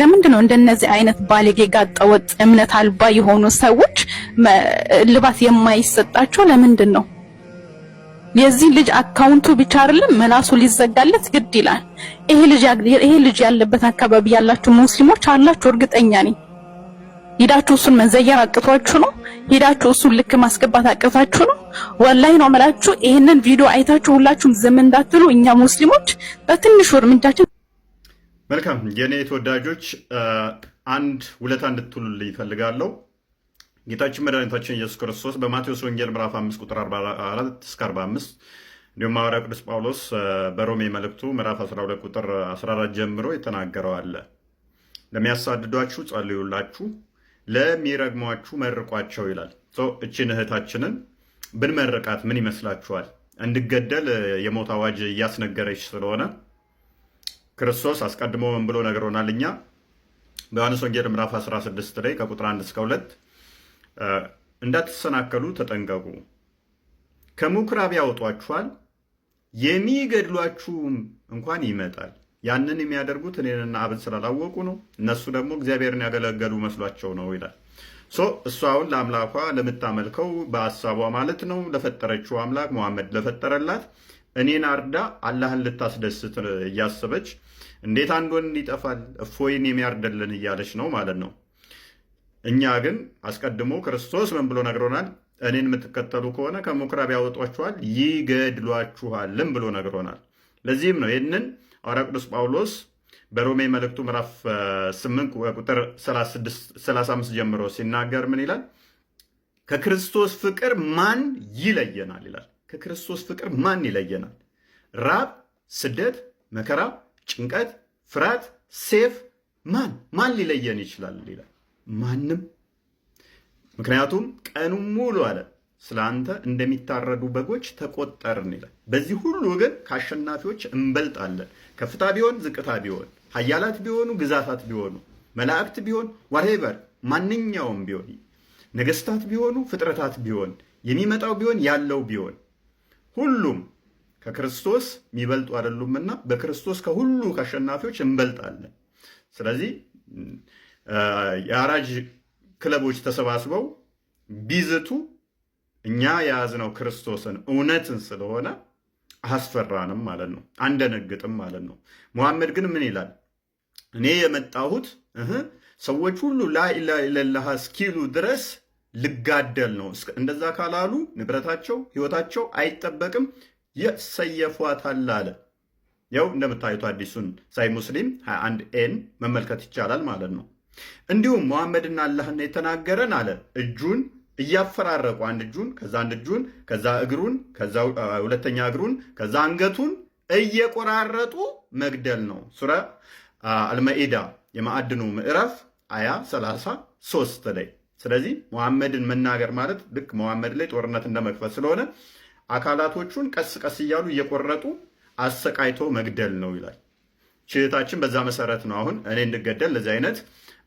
ለምንድን ነው እንደነዚህ አይነት ባለጌ ጋጠወጥ እምነት አልባ የሆኑ ሰዎች ልባት የማይሰጣቸው? ለምንድን ነው የዚህ ልጅ አካውንቱ ብቻ አይደለም ምላሱ ሊዘጋለት ግድ ይላል? ይሄ ልጅ ይሄ ልጅ ያለበት አካባቢ ያላችሁ ሙስሊሞች አላችሁ፣ እርግጠኛ ነኝ። ሄዳችሁ እሱን መዘየር አቅቷችሁ ነው? ሄዳችሁ እሱን ልክ ማስገባት አቅቷችሁ ነው? ወላይ ነው የምላችሁ። ይሄንን ቪዲዮ አይታችሁ ሁላችሁም ዝም እንዳትሉ፣ እኛ ሙስሊሞች በትንሹ እርምጃችን መልካም የኔ ተወዳጆች አንድ ውለታ እንድትውሉልኝ ይፈልጋለሁ። ጌታችን መድኃኒታችን ኢየሱስ ክርስቶስ በማቴዎስ ወንጌል ምዕራፍ 5 ቁጥር 44 እስከ 45 እንዲሁም ሐዋርያው ቅዱስ ጳውሎስ በሮሜ መልእክቱ ምዕራፍ 12 ቁጥር 14 ጀምሮ የተናገረው አለ። ለሚያሳድዷችሁ ጸልዩላችሁ፣ ለሚረግሟችሁ መርቋቸው ይላል። እችን እህታችንን ብንመርቃት ምን ይመስላችኋል? እንድገደል የሞት አዋጅ እያስነገረች ስለሆነ ክርስቶስ አስቀድሞ ምን ብሎ ነግሮናል? እኛ በዮሐንስ ወንጌል ምዕራፍ 16 ላይ ከቁጥር 1 እስከ 2 እንዳትሰናከሉ ተጠንቀቁ፣ ከምኩራብ ያወጧችኋል፣ የሚገድሏችሁም እንኳን ይመጣል። ያንን የሚያደርጉት እኔንና አብን ስላላወቁ ነው፣ እነሱ ደግሞ እግዚአብሔርን ያገለገሉ መስሏቸው ነው ይላል። አሁን ለአምላኳ ለምታመልከው በሀሳቧ ማለት ነው ለፈጠረችው አምላክ መሐመድ ለፈጠረላት እኔን አርዳ አላህን ልታስደስት እያሰበች እንዴት አንድ ወንድ ይጠፋል እፎይን የሚያርደልን እያለች ነው ማለት ነው። እኛ ግን አስቀድሞ ክርስቶስ ምን ብሎ ነግሮናል? እኔን የምትከተሉ ከሆነ ከምኩራብ ያወጧችኋል፣ ይገድሏችኋልም ብሎ ነግሮናል። ለዚህም ነው ይህንን ሐዋርያው ቅዱስ ጳውሎስ በሮሜ መልእክቱ ምዕራፍ 8 ቁጥር 35 ጀምሮ ሲናገር ምን ይላል? ከክርስቶስ ፍቅር ማን ይለየናል ይላል። ከክርስቶስ ፍቅር ማን ይለየናል? ራብ፣ ስደት፣ መከራ፣ ጭንቀት፣ ፍርሃት፣ ሴፍ ማን ማን ሊለየን ይችላል ይላል። ማንም። ምክንያቱም ቀኑ ሙሉ አለ ስለ አንተ እንደሚታረዱ በጎች ተቆጠርን ይላል። በዚህ ሁሉ ግን ከአሸናፊዎች እንበልጣለን። ከፍታ ቢሆን ዝቅታ ቢሆን ኃያላት ቢሆኑ ግዛታት ቢሆኑ መላእክት ቢሆን ዋትኤቨር ማንኛውም ቢሆን ነገስታት ቢሆኑ ፍጥረታት ቢሆን የሚመጣው ቢሆን ያለው ቢሆን ሁሉም ከክርስቶስ የሚበልጡ አይደሉምና በክርስቶስ ከሁሉ ከአሸናፊዎች እንበልጣለን። ስለዚህ የአራጅ ክለቦች ተሰባስበው ቢዝቱ እኛ የያዝነው ክርስቶስን እውነትን ስለሆነ አስፈራንም ማለት ነው፣ አንደነግጥም ማለት ነው። መሐመድ ግን ምን ይላል? እኔ የመጣሁት ሰዎች ሁሉ ላኢላሃ ኢለላህ እስኪሉ ድረስ ልጋደል ነው። እንደዛ ካላሉ ንብረታቸው፣ ህይወታቸው አይጠበቅም፣ የሰየፏታል አለ። ያው እንደምታዩት አዲሱን ሳይ ሙስሊም 21 ኤን መመልከት ይቻላል ማለት ነው። እንዲሁም መሐመድና አላህን የተናገረን አለ እጁን እያፈራረቁ አንድ እጁን ከዛ አንድ እጁን ከዛ እግሩን ከዛ ሁለተኛ እግሩን ከዛ አንገቱን እየቆራረጡ መግደል ነው። ሱረ አልመኢዳ የማዕድኑ ምዕራፍ አያ 33 ላይ ስለዚህ መሐመድን መናገር ማለት ልክ መሐመድ ላይ ጦርነት እንደመክፈት ስለሆነ አካላቶቹን ቀስ ቀስ እያሉ እየቆረጡ አሰቃይቶ መግደል ነው ይላል። ችህታችን በዛ መሰረት ነው አሁን እኔ እንድገደል ለዚህ አይነት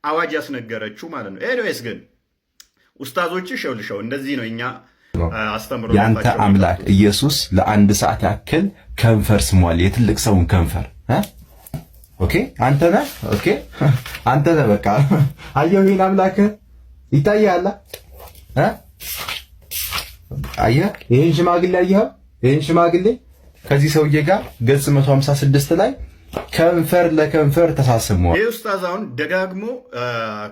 አዋጅ ያስነገረችው ማለት ነው። ኤኒዌይስ ግን ኡስታዞችሽ ሸውልሸው እንደዚህ ነው እኛ አስተምሮ ያንተ አምላክ ኢየሱስ ለአንድ ሰዓት ያክል ከንፈር ስሟል። የትልቅ ሰውን ከንፈር አንተ ነህ። አንተ ነህ። በቃ አየሁ ይሄን አምላክህ ይታያላ እ አየህ ይሄን ሽማግሌ አየኸው? ይሄን ሽማግሌ ከዚህ ሰውዬ ጋር ገጽ 156 ላይ ከንፈር ለከንፈር ተሳስሞ ይህ ኡስታዝ አሁን ደጋግሞ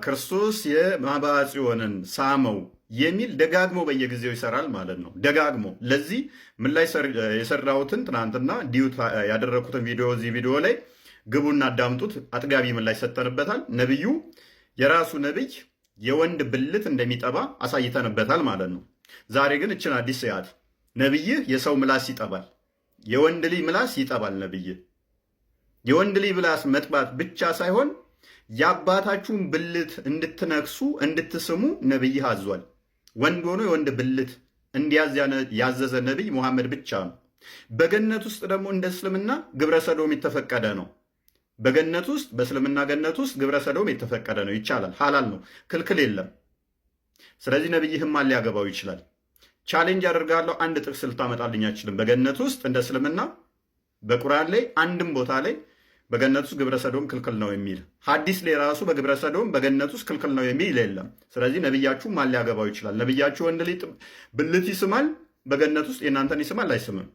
ክርስቶስ የማኅበረ ጽዮንን ሳመው የሚል ደጋግሞ በየጊዜው ይሰራል ማለት ነው። ደጋግሞ ለዚህ ምን ላይ የሰራሁትን ትናንትና ዲዩት ያደረግኩትን ቪዲዮ እዚህ ቪዲዮ ላይ ግቡና አዳምጡት። አጥጋቢ ምን ላይ ሰጠንበታል። ነቢዩ የራሱ ነቢይ የወንድ ብልት እንደሚጠባ አሳይተንበታል ማለት ነው። ዛሬ ግን እችን አዲስ ያት ነብይህ የሰው ምላስ ይጠባል፣ የወንድ ልጅ ምላስ ይጠባል። ነብይህ የወንድ ልጅ ምላስ መጥባት ብቻ ሳይሆን የአባታችሁን ብልት እንድትነክሱ እንድትስሙ ነብይህ አዟል። ወንድ ሆኖ የወንድ ብልት እንዲያዝ ያዘዘ ነቢይ መሐመድ ብቻ ነው። በገነት ውስጥ ደግሞ እንደ እስልምና ግብረ ሰዶም የተፈቀደ ነው። በገነት ውስጥ በእስልምና ገነት ውስጥ ግብረ ሰዶም የተፈቀደ ነው፣ ይቻላል፣ ሀላል ነው፣ ክልክል የለም። ስለዚህ ነቢይ ህማን ሊያገባው ይችላል። ቻሌንጅ አደርጋለሁ፣ አንድ ጥቅስ ልታመጣልኝ አይችልም። በገነት ውስጥ እንደ እስልምና በቁርአን ላይ አንድም ቦታ ላይ በገነት ውስጥ ግብረ ሰዶም ክልክል ነው የሚል ሀዲስ ላይ ራሱ በግብረ ሰዶም በገነት ውስጥ ክልክል ነው የሚል የለም። ስለዚህ ነቢያችሁ ማን ሊያገባው ይችላል? ነቢያችሁ ወንድ ሊጥ ብልት ይስማል፣ በገነት ውስጥ የእናንተን ይስማል አይስምም?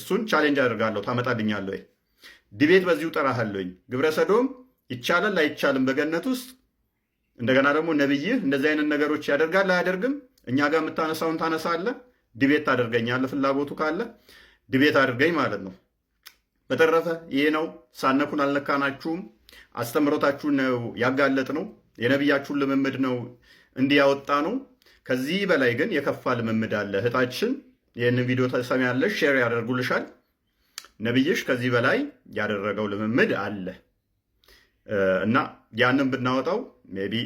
እሱን ቻሌንጅ አደርጋለሁ፣ ታመጣልኛለሁ ወይ? ዲቤት በዚሁ ጠራሃለኝ። ግብረ ሰዶም ይቻላል አይቻልም፣ በገነት ውስጥ እንደገና ደግሞ ነብይህ እንደዚህ አይነት ነገሮች ያደርጋል አያደርግም፣ እኛ ጋር የምታነሳውን ታነሳለ፣ ዲቤት ታደርገኛለ፣ ፍላጎቱ ካለ ዲቤት አድርገኝ ማለት ነው። በተረፈ ይሄ ነው ሳነኩን አልነካናችሁም። አስተምሮታችሁን ነው ያጋለጥ ነው የነቢያችሁን ልምምድ ነው እንዲያወጣ ነው። ከዚህ በላይ ግን የከፋ ልምምድ አለ። እህታችን ይህንን ቪዲዮ ተሰሚያለሽ፣ ሼር ያደርጉልሻል። ነብይሽ ከዚህ በላይ ያደረገው ልምምድ አለ እና ያንን ብናወጣው ሜይ ቢ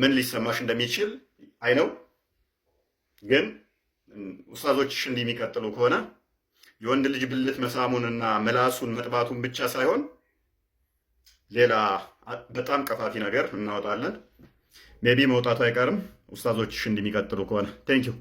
ምን ሊሰማሽ እንደሚችል አይነው። ግን ውስታዞችሽ እንዲህ የሚቀጥሉ ከሆነ የወንድ ልጅ ብልት መሳሙንና ምላሱን መጥባቱን ብቻ ሳይሆን ሌላ በጣም ቀፋፊ ነገር እናወጣለን። ሜይ ቢ መውጣቱ አይቀርም ውስታዞችሽ እንዲህ የሚቀጥሉ ከሆነ ቴንኪው።